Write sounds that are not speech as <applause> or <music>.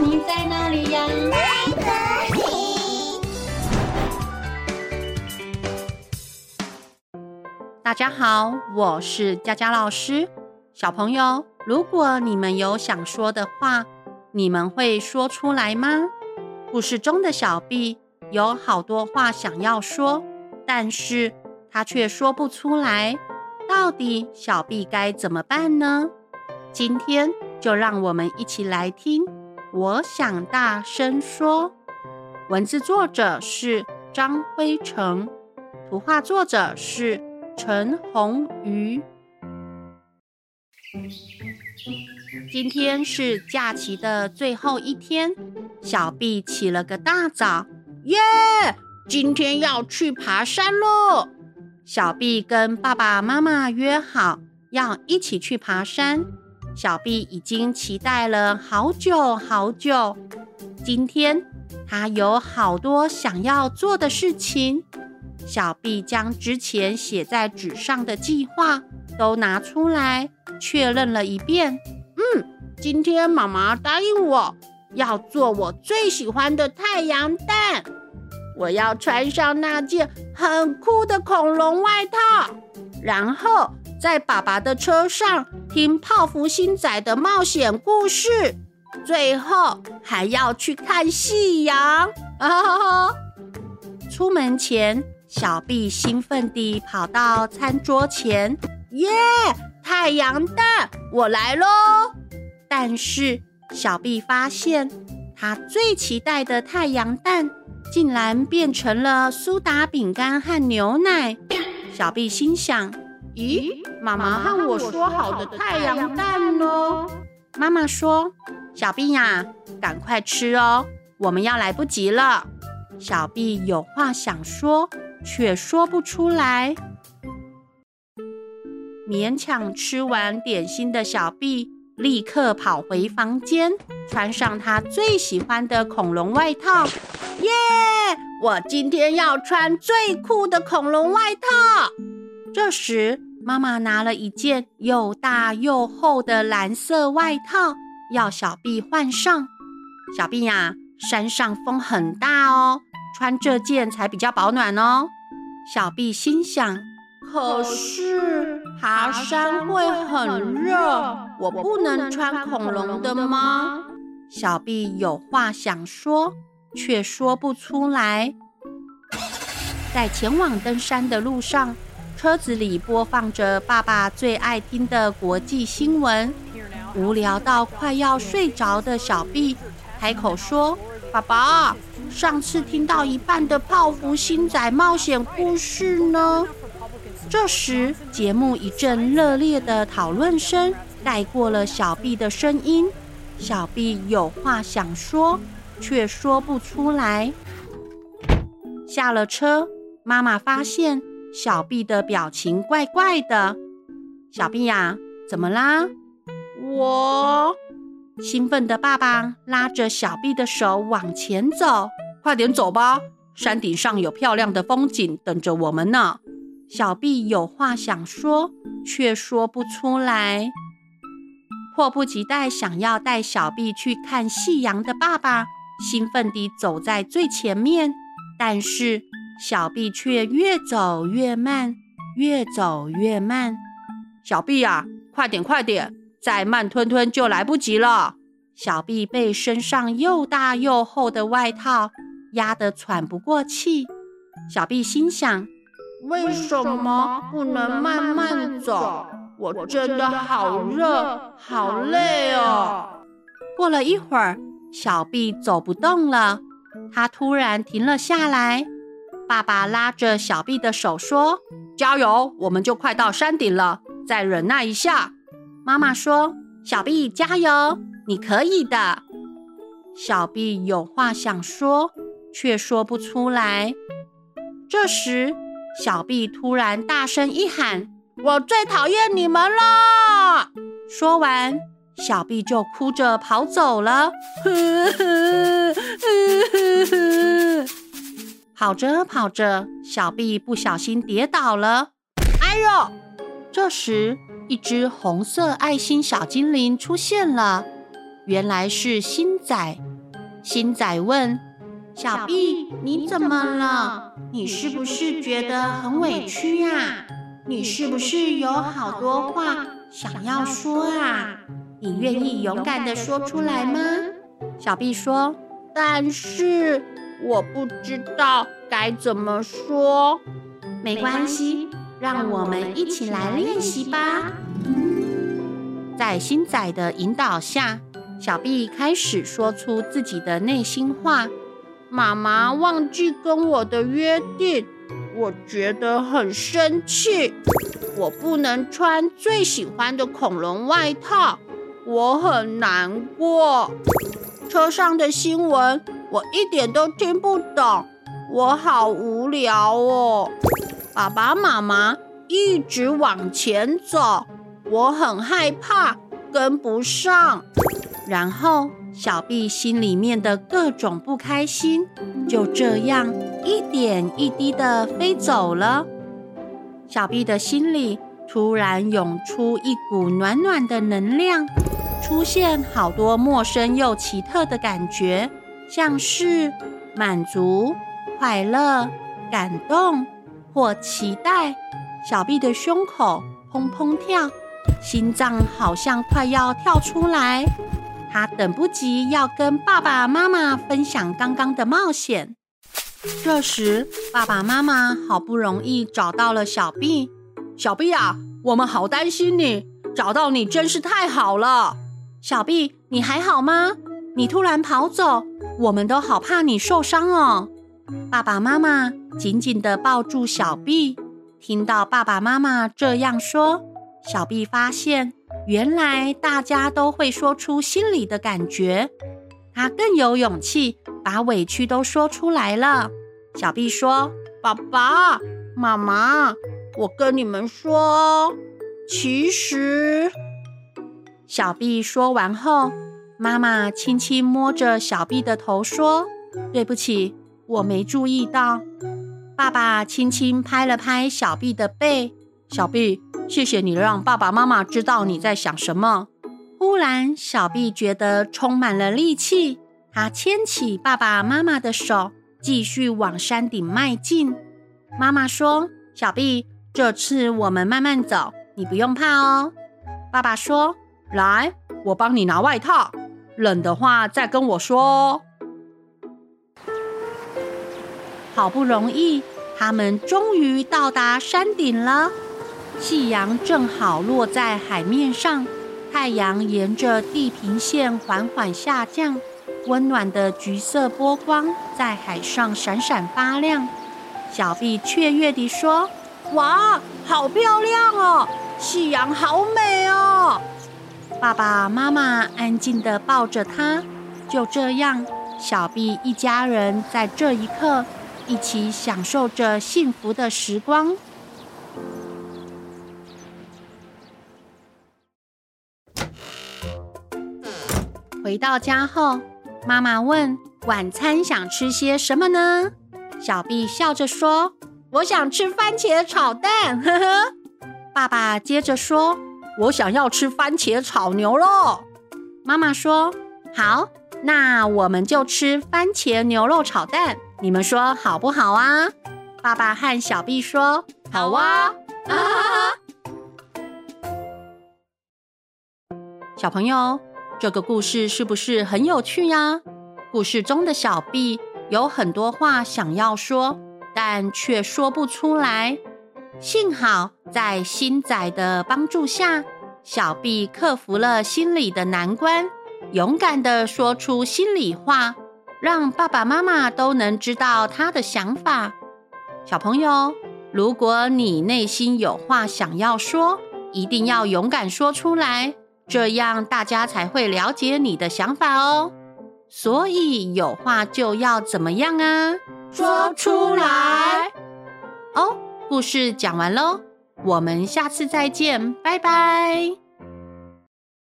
你在哪裡呀？在哪裡？大家好，我是佳佳老師。小朋友，如果你們有想說的話，你們會說出來嗎？故事中的小 B 有好多話想要說，但是他卻說不出來。到底小 B 該怎麼辦呢？今天就讓我們一起來聽。我想大聲說，文字作者是張輝誠，圖畫作者是陳虹伃。今天是假期的最後一天，小畢起了個大早，耶！Yeah! 今天要去爬山咯！小畢跟爸爸媽媽約好，要一起去爬山。小畢已經期待了好久好久，今天他有好多想要做的事情。小畢將之前寫在紙上的計劃都拿出來確認了一遍。嗯，今天媽媽答應我要做我最喜歡的太陽蛋，我要穿上那件很酷的恐龍外套，然後，在爸爸的車上聽泡芙星仔的冒險故事，最後還要去看夕陽。啊、哦！出門前，小畢興奮地跑到餐桌前，耶！Yeah, 太陽蛋，我來嘍！但是小畢發現，他最期待的太陽蛋，竟然變成了蘇打餅乾和牛奶。小畢心想，咦，媽媽和我說好的太陽蛋呢、哦？媽媽說：“小畢呀，趕快吃哦，我們要來不及了。”小畢有話想說，卻說不出來，勉強吃完點心的小畢立刻跑回房間，穿上他最喜歡的恐龍外套。耶！我今天要穿最酷的恐龍外套。這時。媽媽拿了一件又大又厚的藍色外套，要小畢換上。小畢呀、啊，山上風很大哦，穿這件才比較保暖哦。小畢心想，可是爬山會很熱，我不能穿恐龍的嗎？的嗎，小畢有話想說，卻說不出來。在前往登山的路上。車子裡播放着爸爸最愛聽的國際新聞，無聊到快要睡着的小 B 開口說：“爸爸，上次聽到一半的《泡芙星仔冒險故事》呢？”這時，節目一陣熱烈的討論聲蓋過了小 B 的聲音，小 B 有話想說，卻說不出來。下了車，媽媽發現。小畢的表情怪怪的，小畢呀、啊，怎麼啦？我興奮的爸爸拉着小畢的手往前走，快點走吧，山頂上有漂亮的風景等着我們呢。小畢有話想說，卻說不出來，迫不及待想要帶小畢去看夕陽的爸爸，興奮地走在最前面，但是。小畢卻越走越慢，越走越慢。小畢呀，快點，快點！再慢吞吞就來不及了。小畢被身上又大又厚的外套壓得喘不過氣。小畢心想：為什麼不能慢慢走？我真的好熱，好累哦。過了一會兒，小畢走不動了，他突然停了下來。爸爸拉着小畢的手說：“加油，我們就快到山頂了，再忍耐一下。”媽媽說：“小畢，加油，你可以的。”小畢有話想說，卻說不出來。這時，小畢突然大聲一喊：“我最討厭你們了！”說完，小畢就哭着跑走了。 <laughs> 跑着跑着，小 B 不小心跌倒了，哎呦！這時，一隻紅色愛心小精靈出現了，原來是星仔。星仔問：“小 B，小 B，你怎麼了？你是不是覺得很委屈呀、啊？你是不是有好多話想要說啊？你願意勇敢的說出來嗎？”來嗎，小 B 說：“但是。”我不知道該怎麼說，沒關係，讓我們一起來練習吧。嗯、在新仔的引導下，小畢開始說出自己的內心話：“媽媽忘記跟我的約定，我覺得很生氣。我不能穿最喜歡的恐龍外套，我很難過。車上的新聞。”我一點都聽不懂，我好無聊哦。爸爸媽媽一直往前走，我很害怕跟不上。然後小畢心裡面的各種不開心就這樣一點一滴的飛走了。小畢的心裡突然湧出一股暖暖的能量，出現好多陌生又奇特的感覺。像是滿足、快樂、感動或期待，小畢的胸口砰砰跳，心臟好像快要跳出來。他等不及要跟爸爸媽媽分享剛剛的冒險。這時，爸爸媽媽好不容易找到了小畢。小畢啊，我們好擔心你，找到你真是太好了。小畢，你還好嗎？你突然跑走。我們都好怕你受傷哦，爸爸媽媽緊緊地抱住小畢。聽到爸爸媽媽這樣說，小畢發現原來大家都會說出心裡的感覺，他更有勇氣把委屈都說出來了。小畢說：“爸爸媽媽，我跟你們說，其實……”小畢說完後。媽媽輕輕摸着小畢的頭說：“對不起，我沒注意到。”爸爸輕輕拍了拍小畢的背：“小畢，謝謝你讓爸爸媽媽知道你在想什麼。”忽然，小畢覺得充滿了力氣，他牽起爸爸媽媽的手，繼續往山頂邁進。媽媽說：“小畢，這次我們慢慢走，你不用怕哦。”爸爸說：“來，我幫你拿外套。”冷的話再跟我說哦。好不容易，他們終於到達山頂了。夕陽正好落在海面上，太陽沿着地平線緩緩下降，溫暖的橘色波光在海上閃閃發亮。小畢雀躍地說：“哇，好漂亮哦！夕陽好美哦！”爸爸媽媽安靜的抱着他，就這樣，小畢一家人在這一刻一起享受着幸福的時光。回到家後，媽媽問：“晚餐想吃些什麼呢？”小畢笑着說：“我想吃番茄炒蛋。”呵呵，爸爸接着說。我想要吃番茄炒牛肉，媽媽說好，那我們就吃番茄牛肉炒蛋，你們說好不好啊？爸爸和小畢說好哇啊！小朋友，這個故事是不是很有趣呀、啊？故事中的小畢有很多話想要說，但卻說不出來。幸好在新仔的幫助下，小畢克服了心理的難關，勇敢地說出心裡話，讓爸爸媽媽都能知道他的想法。小朋友，如果你內心有話想要說，一定要勇敢說出來，這樣大家才會了解你的想法哦。所以有話就要怎麼樣啊？說出來哦。故事講完嘍，我們下次再見，拜拜。